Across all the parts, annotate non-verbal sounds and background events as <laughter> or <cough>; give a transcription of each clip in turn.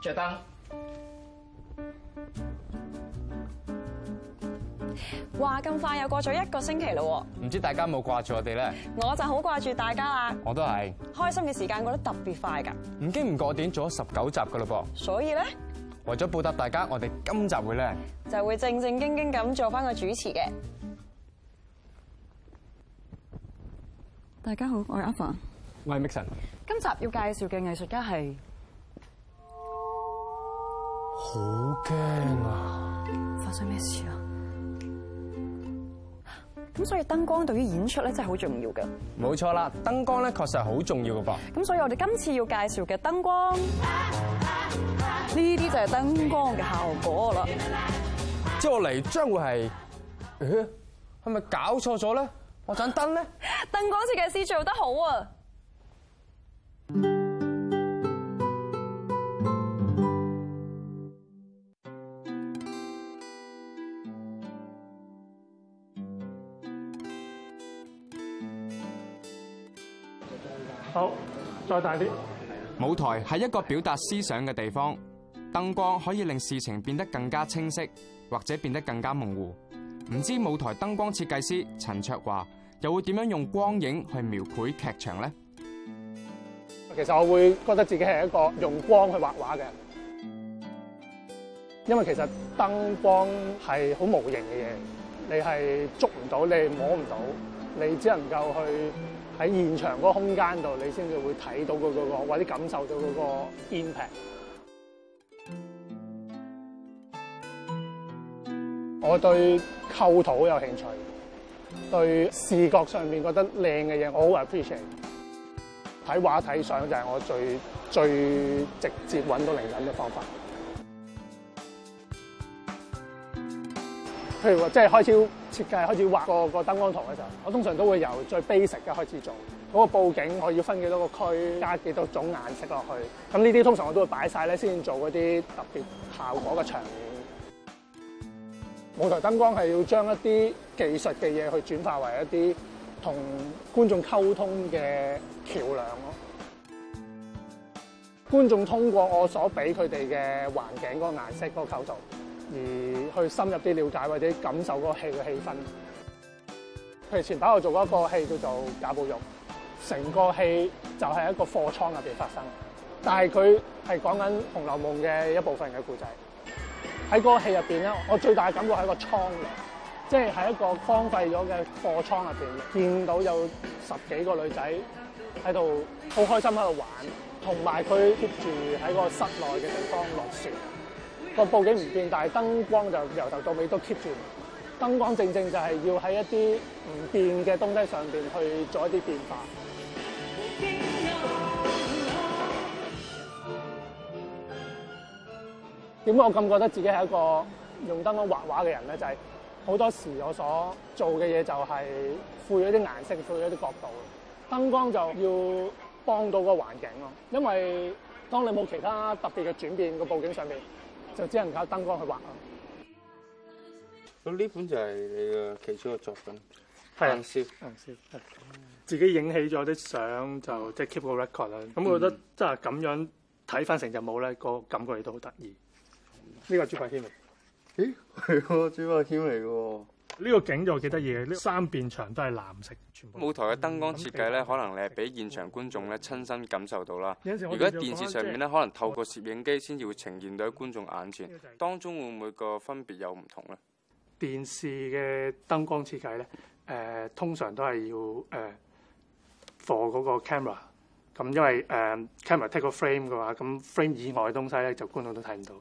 着燈，哇，咁快又過咗一個星期咯，唔知大家冇掛住我哋咧？我就好掛住大家啦，我都係開心嘅時間過得特別快噶，唔經唔覺點咗十九集噶咯噃，所以咧，為咗報答大家，我哋今集會咧就會正正經經咁做翻個主持嘅。大家好，我係 Alpha，我係 Mixon，今集要介紹嘅藝術家係。好驚啊！發生咩事啊？咁所以燈光對於演出咧真係好重要㗎。冇錯啦，燈光咧確實係好重要㗎噃。咁所以我哋今次要介紹嘅燈光呢啲就係燈光嘅效果啦。接落嚟將會係，係咪搞錯咗咧？我盞燈咧？燈光設計師做得好啊！再大啲。舞台係一個表達思想嘅地方，燈光可以令事情變得更加清晰，或者變得更加模糊。唔知舞台燈光設計師陳焯華，又會點樣用光影去描繪劇場呢？其實我會覺得自己係一個用光去畫畫嘅人，因為其實燈光係好無形嘅嘢，你係捉唔到，你摸唔到，你只能夠去。喺現場嗰個空間度，你先至會睇到嗰個，或者感受到嗰個 impact。我對構圖好有興趣，對視覺上面覺得靚嘅嘢，我好 appreciate。睇畫睇相就係我最最直接揾到靈感嘅方法。譬如話，即係開超。設計開始畫個個燈光圖嘅時候，我通常都會由最 basic 嘅開始做。嗰個佈景，我要分幾多個區，加幾多種顏色落去。咁呢啲通常我都會擺晒咧，先做嗰啲特別效果嘅場面。舞台燈光係要將一啲技術嘅嘢去轉化為一啲同觀眾溝通嘅橋梁咯。觀眾通過我所俾佢哋嘅環境，嗰個顏色、嗰個構造。而去深入啲了解或者感受嗰個戲嘅氣氛。譬如前排我做過一個戲叫做《賈寶玉》，成個戲就係一個貨倉入邊發生，但係佢係講緊《紅樓夢》嘅一部分嘅故仔。喺個戲入邊，咧，我最大嘅感覺係個倉嘅，即係喺一個荒廢咗嘅貨倉入邊，見到有十幾個女仔喺度好開心喺度玩，同埋佢 keep 住喺個室內嘅地方落雪。個佈景唔變，但係燈光就由頭到尾都 keep 住。燈光正正就係要喺一啲唔變嘅東西上面去做一啲變化。點解我咁覺得自己係一個用燈光畫畫嘅人咧？就係、是、好多時我所做嘅嘢就係賦予一啲顏色，賦予一啲角度。燈光就要幫到個環境咯，因為當你冇其他特別嘅轉變，個佈景上面。就只能靠燈光去畫咯。咁呢本就係你嘅其中嘅作品，暗笑，暗笑，自己影起咗啲相就即係 keep 個 record 啦、嗯。咁我覺得即係咁樣睇翻成隻舞咧，個感覺亦都好得意。呢個朱柏謙嚟？咦，係喎，朱柏謙嚟喎。呢、這個景就幾得意，三邊牆都係藍色，全部舞台嘅燈光設計咧，可能你係俾現場觀眾咧親身感受到啦。如果電視上面咧，可能透過攝影機先至會呈現到喺觀眾眼前，當中會唔會個分別有唔同咧？電視嘅燈光設計咧，誒、呃、通常都係要誒 for 嗰個 camera。咁因為誒、呃、camera take 個 frame 嘅話，咁 frame 以外嘅東西咧，就觀眾都睇唔到。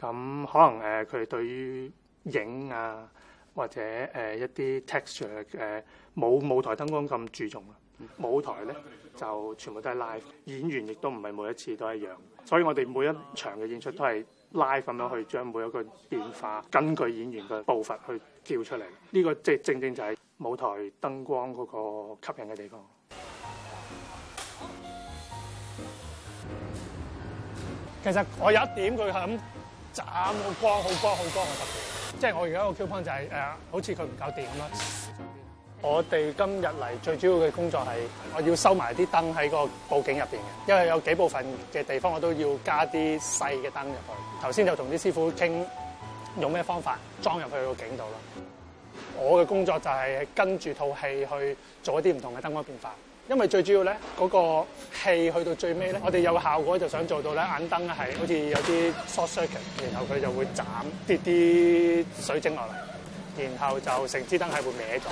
咁、嗯、可能誒佢、呃、對於影啊～或者誒一啲 texture 嘅冇舞台燈光咁注重啦，舞台咧就全部都係 live，演員亦都唔係每一次都係一樣，所以我哋每一場嘅演出都係 live 咁樣去將每一個變化根據演員嘅步伐去叫出嚟。呢、這個即係正正就係舞台燈光嗰個吸引嘅地方。其實我有一點佢係咁斬個好光，好光好光嘅特。即係我而家個 cue point 就係、是、誒、呃，好似佢唔夠電咁啦。 <music> 我哋今日嚟最主要嘅工作係，我要收埋啲燈喺個佈景入邊嘅，因為有幾部分嘅地方我都要加啲細嘅燈入去。頭先就同啲師傅傾用咩方法裝入去個景度咯。我嘅工作就係跟住套戲去做一啲唔同嘅燈光變化。因為最主要咧，嗰個戲去到最尾咧，我哋有效果就想做到咧，眼燈係好似有啲 short circuit，然後佢就會斬跌啲水晶落嚟，然後就成支燈係會歪咗。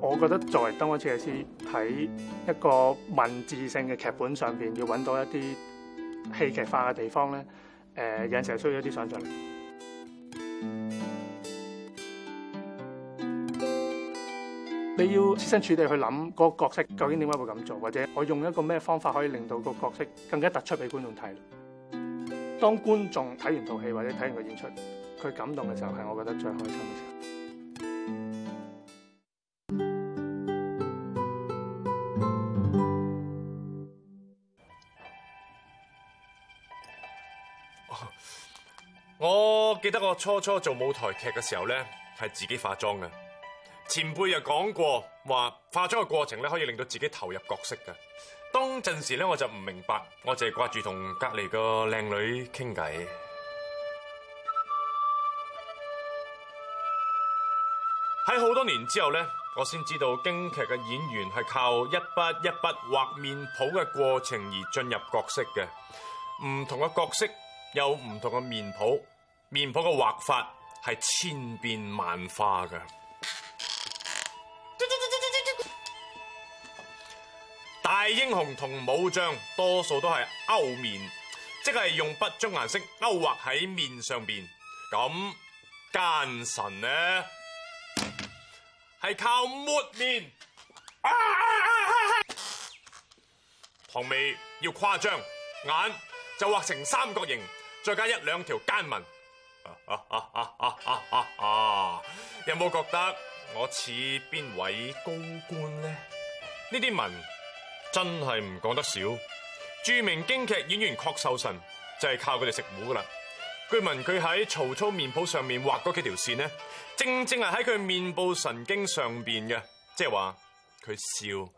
我覺得作為燈光設計師喺一個文字性嘅劇本上面，要揾到一啲戲劇化嘅地方咧。誒、呃，有時候需要一啲想像力。你要設身處地去諗個角色究竟點解會咁做，或者我用一個咩方法可以令到個角色更加突出俾觀眾睇。當觀眾睇完套戲或者睇完個演出，佢感動嘅時候，係我覺得最開心嘅時候。記得我初初做舞台劇嘅時候呢，係自己化妝嘅。前輩又講過話化妝嘅過程呢，可以令到自己投入角色嘅。當陣時呢，我就唔明白，我就係掛住同隔籬個靚女傾偈。喺好多年之後呢，我先知道京劇嘅演員係靠一筆一筆畫面譜嘅過程而進入角色嘅。唔同嘅角色有唔同嘅面譜。面譜嘅畫法係千變萬化嘅。大英雄同武將多數都係勾面，即係用筆將顏色勾畫喺面上邊。咁奸臣呢，係靠抹面，啊啊啊！唐眉要誇張，眼就畫成三角形，再加一兩條奸紋。啊啊啊啊啊啊！有冇覺得我似邊位高官呢？呢啲紋真係唔講得少。著名京劇演員郝壽臣就係、是、靠佢哋食糊噶啦。據聞佢喺曹操面譜上面畫嗰幾條線呢，正正係喺佢面部神經上邊嘅，即係話佢笑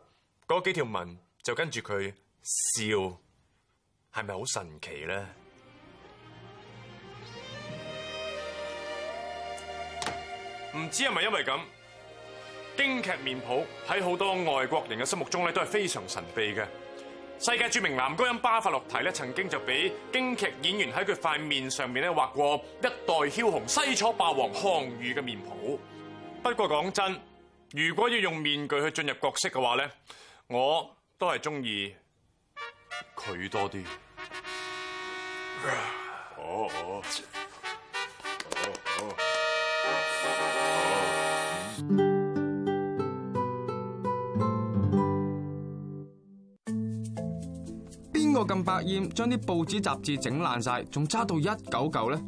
嗰幾條紋就跟住佢笑，係咪好神奇咧？唔知係咪因為咁，京劇面譜喺好多外國人嘅心目中咧，都係非常神秘嘅。世界著名男高音巴法洛提咧，曾經就俾京劇演員喺佢塊面上面咧，畫過一代梟雄西楚霸王項羽嘅面譜。不過講真，如果要用面具去進入角色嘅話咧，我都係中意佢多啲。哦、啊、哦。啊啊啊啊啊個咁百厭，將啲報紙雜誌整爛晒，仲揸到一九九咧。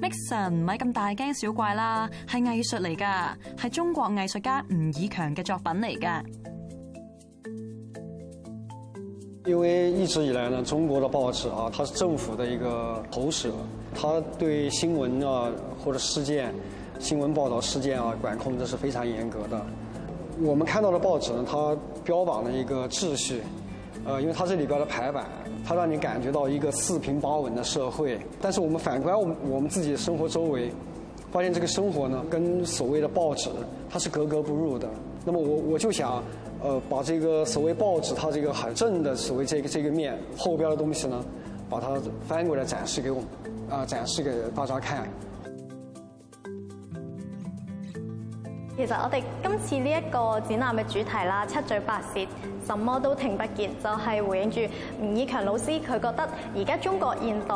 Mixon 唔係咁大驚小怪啦，係藝術嚟噶，係中國藝術家吳以強嘅作品嚟噶。因為一直以來呢，中國的報紙啊，它是政府的一個喉舌，它對新聞啊或者事件、新聞報道事件啊管控，這是非常嚴格的。我們看到的報紙呢，它標榜了一個秩序。呃，因為它這裏邊的排版，它讓你感覺到一個四平八穩的社會。但是我們反觀我們我們自己的生活周圍，發現這個生活呢，跟所謂的報紙它是格格不入的。那麼我我就想，呃，把這個所謂報紙它這個很正的所謂這個這個面後邊的東西呢，把它翻過來展示給我們啊、呃，展示給大家看。其實我們今次呢一個展覽的主題啦，七嘴八舌。什麼都聽不見，就係回應住吳以強老師，佢覺得而家中國現代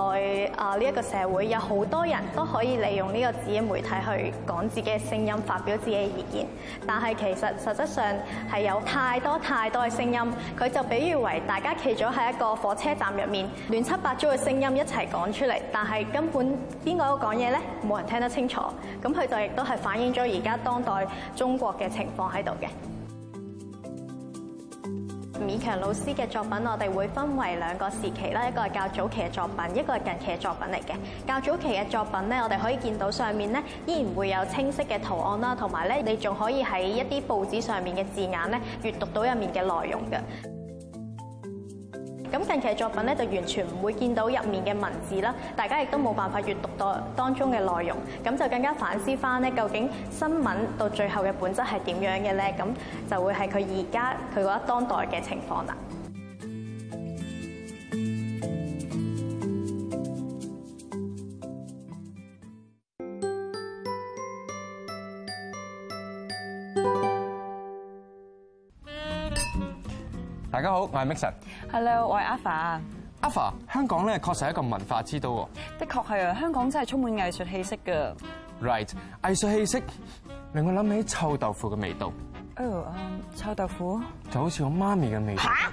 啊呢一個社會有好多人都可以利用呢個自己媒體去講自己嘅聲音，發表自己嘅意見。但係其實實質上係有太多太多嘅聲音。佢就比喻為大家企咗喺一個火車站入面，亂七八糟嘅聲音一齊講出嚟，但係根本邊個都講嘢呢，冇人聽得清楚。咁佢就亦都係反映咗而家當代中國嘅情況喺度嘅。以強老師嘅作品，我哋會分為兩個時期啦，一個係較早期嘅作品，一個係近期嘅作品嚟嘅。較早期嘅作品咧，我哋可以見到上面咧依然會有清晰嘅圖案啦，同埋咧你仲可以喺一啲報紙上面嘅字眼咧閱讀到入面嘅內容嘅。咁近期嘅作品咧，就完全唔會見到入面嘅文字啦，大家亦都冇辦法閱讀到當中嘅內容，咁就更加反思翻咧，究竟新聞到最後嘅本質係點樣嘅咧？咁就會係佢而家佢覺得當代嘅情況啦。大家好，我係 Mixon。Hello，我係 Alpha。Alpha，香港咧確實係一個文化之都喎。的確係啊，香港真係充滿藝術氣息噶。Right，藝術氣息令我諗起臭豆腐嘅味道。哦、uh,，臭豆腐就好似我媽咪嘅味道。吓、啊？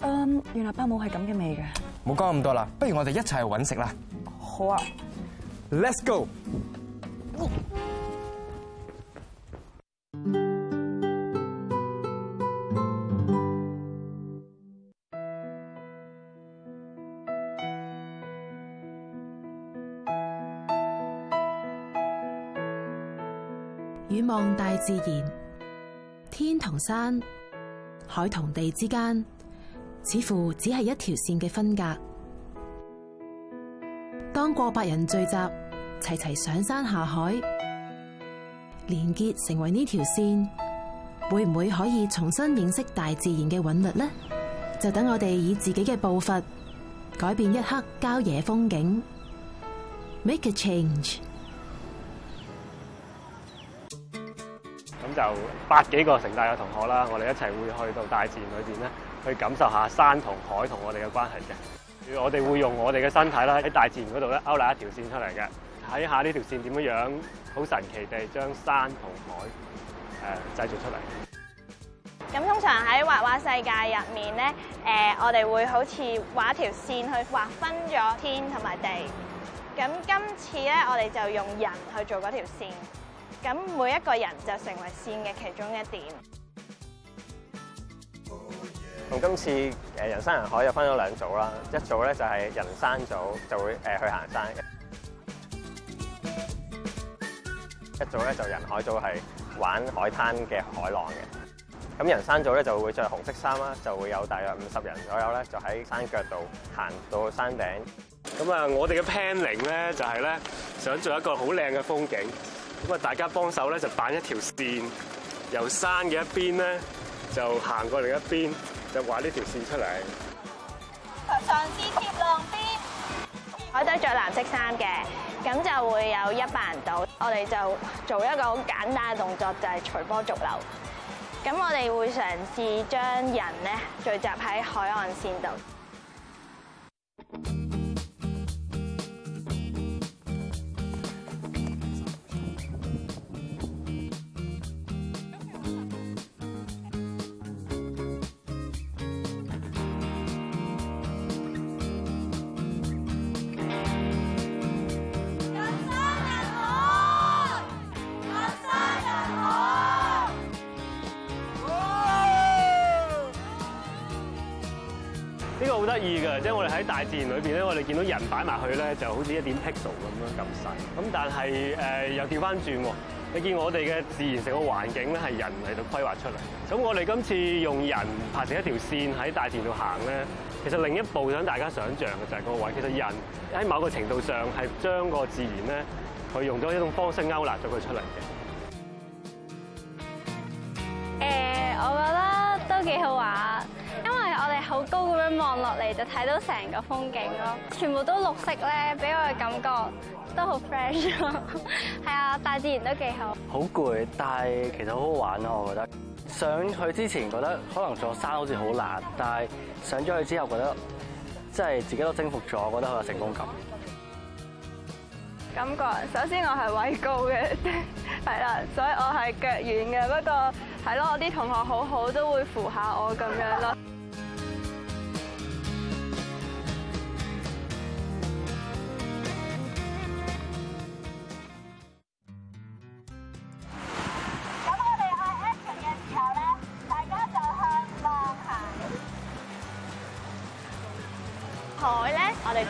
嗯、um,，原來包冇係咁嘅味嘅。冇講咁多啦，不如我哋一齊去搵食啦。好啊，Let's go。遠望大自然，天同山、海同地之間，似乎只係一條線嘅分隔。當過百人聚集，齊齊上山下海，連結成為呢條線，會唔會可以重新認識大自然嘅韻律呢？就等我哋以自己嘅步伐，改變一刻郊野風景，Make a change。就百幾個城大嘅同學啦，我哋一齊會去到大自然裏邊咧，去感受一下山同海同我哋嘅關係嘅。我哋會用我哋嘅身體啦，喺大自然嗰度咧勾勒一條線出嚟嘅，睇下呢條線點樣樣，好神奇地將山同海誒、呃、製造出嚟。咁通常喺畫畫世界入面咧，誒、呃、我哋會好似畫條線去劃分咗天同埋地。咁今次咧，我哋就用人去做嗰條線。咁每一個人就成為線嘅其中一點。同今次誒，人山人海又分咗兩組啦。一組咧就係人山組，就會誒去行山嘅；一組咧就係人海組，係玩海灘嘅海浪嘅。咁人山組咧就會着紅色衫啦，就會有大約五十人左右咧，就喺山腳度行到山頂。咁啊，我哋嘅 planning 咧就係咧，想做一個好靚嘅風景。咁啊！大家幫手咧，就扮一條線，由山嘅一邊咧，就行過另一邊，就畫呢條線出嚟。嘗試貼浪邊，海底着藍色衫嘅，咁就會有一百人到。我哋就做一個好簡單嘅動作，就係隨波逐流。咁我哋會嘗試將人咧聚集喺海岸線度。得意嘅，即係我哋喺大自然裏邊咧，我哋見到人擺埋去咧，就好似一點 pixel 咁樣咁細。咁但係誒又調翻轉喎，你見我哋嘅自然成個環境咧係人嚟到規劃出嚟。咁我哋今次用人排成一條線喺大自然度行咧，其實另一步想大家想像嘅就係個位，其實人喺某個程度上係將個自然咧，佢用咗一種方式勾勒咗佢出嚟嘅。誒，我覺得都幾好玩。好高咁樣望落嚟，就睇到成個風景咯。全部都綠色咧，俾我嘅感覺都好 fresh 咯。係啊，大自然都幾好。好攰，但係其實好好玩咯。我覺得上去之前覺得可能座山好似好難，但係上咗去之後覺得即係自己都征服咗，我覺得好有成功感感覺。首先我係位高嘅，係啦，所以我係腳軟嘅。不過係咯，我啲同學好好，都會扶下我咁樣咯。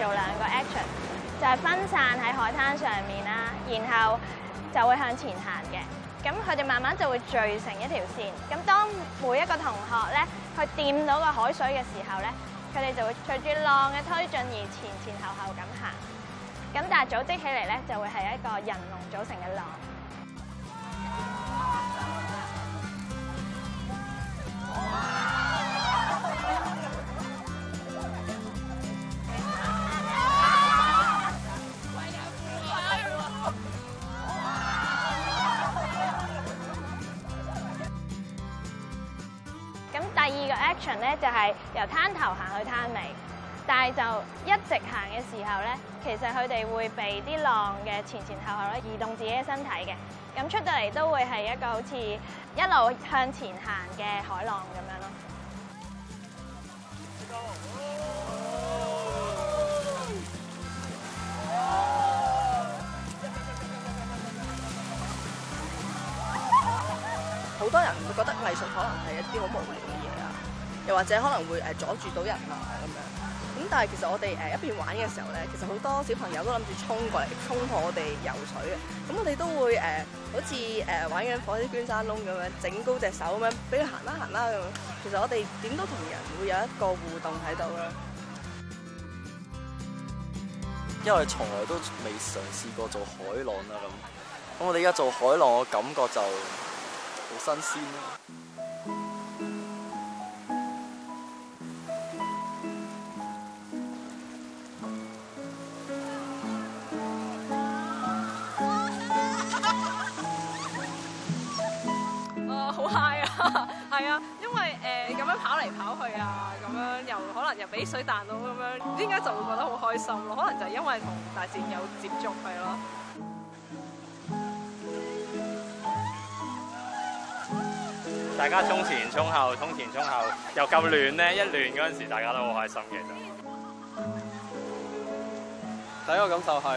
做兩個 action，就係分散喺海灘上面啦，然後就會向前行嘅。咁佢哋慢慢就會聚成一條線。咁當每一個同學咧，佢掂到個海水嘅時候咧，佢哋就會隨住浪嘅推進而前前後後咁行。咁但係組織起嚟咧，就會係一個人龍組成嘅浪。場咧就係、是、由灘頭行去灘尾，但係就一直行嘅時候咧，其實佢哋會被啲浪嘅前前後後咧移動自己嘅身體嘅，咁出到嚟都會係一個好似一路向前行嘅海浪咁樣咯。好多人會覺得藝術可能係一啲好無聊嘅嘢啊，又或者可能會誒阻住到人啊咁樣，咁但係其實我哋誒一邊玩嘅時候咧，其實好多小朋友都諗住衝過嚟衝破我哋游水嘅，咁我哋都會誒、呃、好似誒、呃、玩緊火車捐山窿咁樣，整高隻手咁樣俾佢行啦行啦咁。其實我哋點都同人會有一個互動喺度啦。因為我哋從來都未嘗試過做海浪啊咁，咁我哋而家做海浪嘅感覺就好新鮮咯。水彈到咁樣，點解就會覺得好開心咯？可能就係因為同大自然有接觸係咯。大家衝前衝後，衝前衝後又夠暖咧，一暖嗰陣時大家都好開心。其實第一個感受係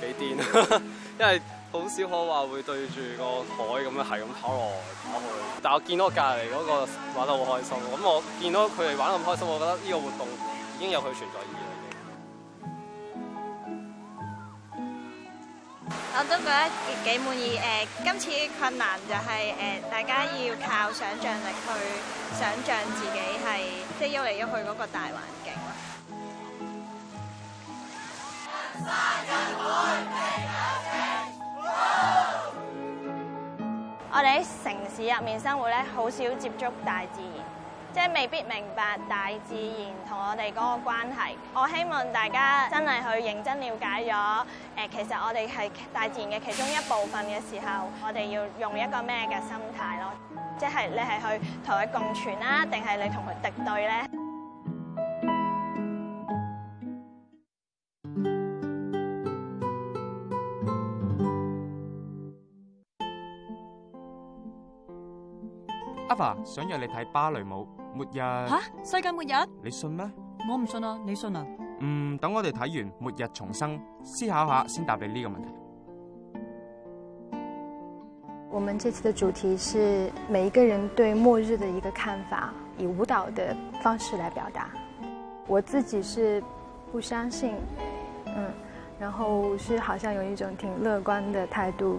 幾癲，因為。好少可話會對住個海咁樣係咁跑落跑去，但我見到隔離嗰個玩得好開心，咁我見到佢哋玩咁開心，我覺得呢個活動已經有佢存在意義。我都覺得幾滿意。誒、呃，今次困難就係、是、誒、呃，大家要靠想像力去想像自己係即係喐嚟喐去嗰個大環境。我哋喺城市入面生活咧，好少接觸大自然，即係未必明白大自然同我哋嗰個關係。我希望大家真係去認真了解咗，誒、呃，其實我哋係大自然嘅其中一部分嘅時候，我哋要用一個咩嘅心態咯？即係你係去同佢共存啦，定係你同佢敵對咧？想約你睇芭蕾舞末日。吓，世界末日？你信咩？我唔信啊，你信啊？嗯，等我哋睇完末日重生，思考下先答你呢個問題 <music> 我們這次的主題是每一個人對末日的一個看法，以舞蹈的方式來表達。我自己是不相信，嗯，然後是好像有一種挺樂觀的態度。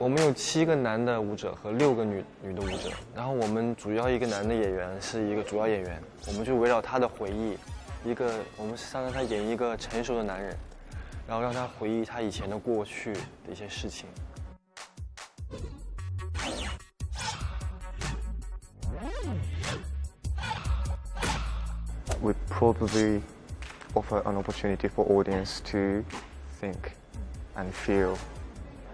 我們有七個男的舞者和六個女女的舞者，然後我們主要一個男的演員是一個主要演員，我們就圍繞他的回憶，一個我們想讓他演一個成熟的男人，然後讓他回憶他以前的過去的一些事情。We probably offer an opportunity for audience to think and feel.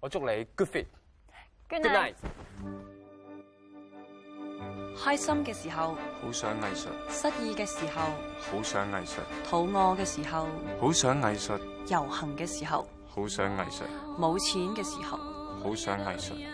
我祝你 good fit。Good night。開心嘅時候，好想藝術。失意嘅時候，好想藝術。肚餓嘅時候，好想藝術。遊行嘅時候，好想藝術。冇錢嘅時候，好想藝術。